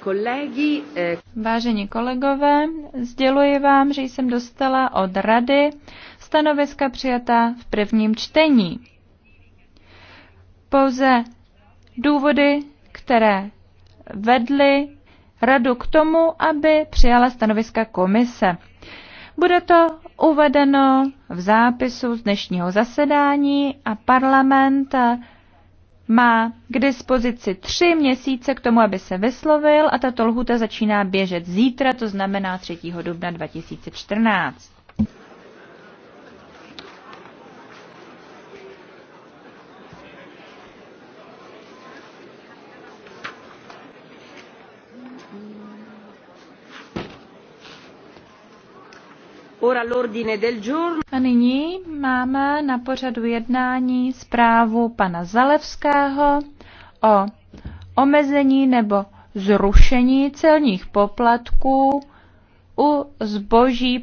Kolegy, Vážení kolegové, sděluji vám, že jsem dostala od Rady stanoviska přijata v prvním čtení. Pouze důvody, které vedly radu k tomu, aby přijala stanoviska komise. Bude to uvedeno v zápisu z dnešního zasedání a parlament má k dispozici tři měsíce k tomu, aby se vyslovil a tato lhuta začíná běžet zítra, to znamená 3. dubna 2014. A nyní máme na pořadu jednání zprávu pana Zalevského o omezení nebo zrušení celních poplatků u zboží